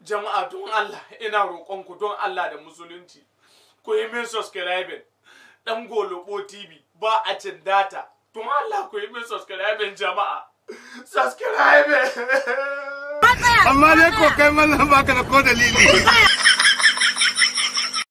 jama'a don Allah ina roƙonku don Allah da musulunci ku yi min subscribing dan golobo tv ba a cin data don Allah ku yi min subscribing jama'a subscribing amma ne ko kai mallam baka na ko dalili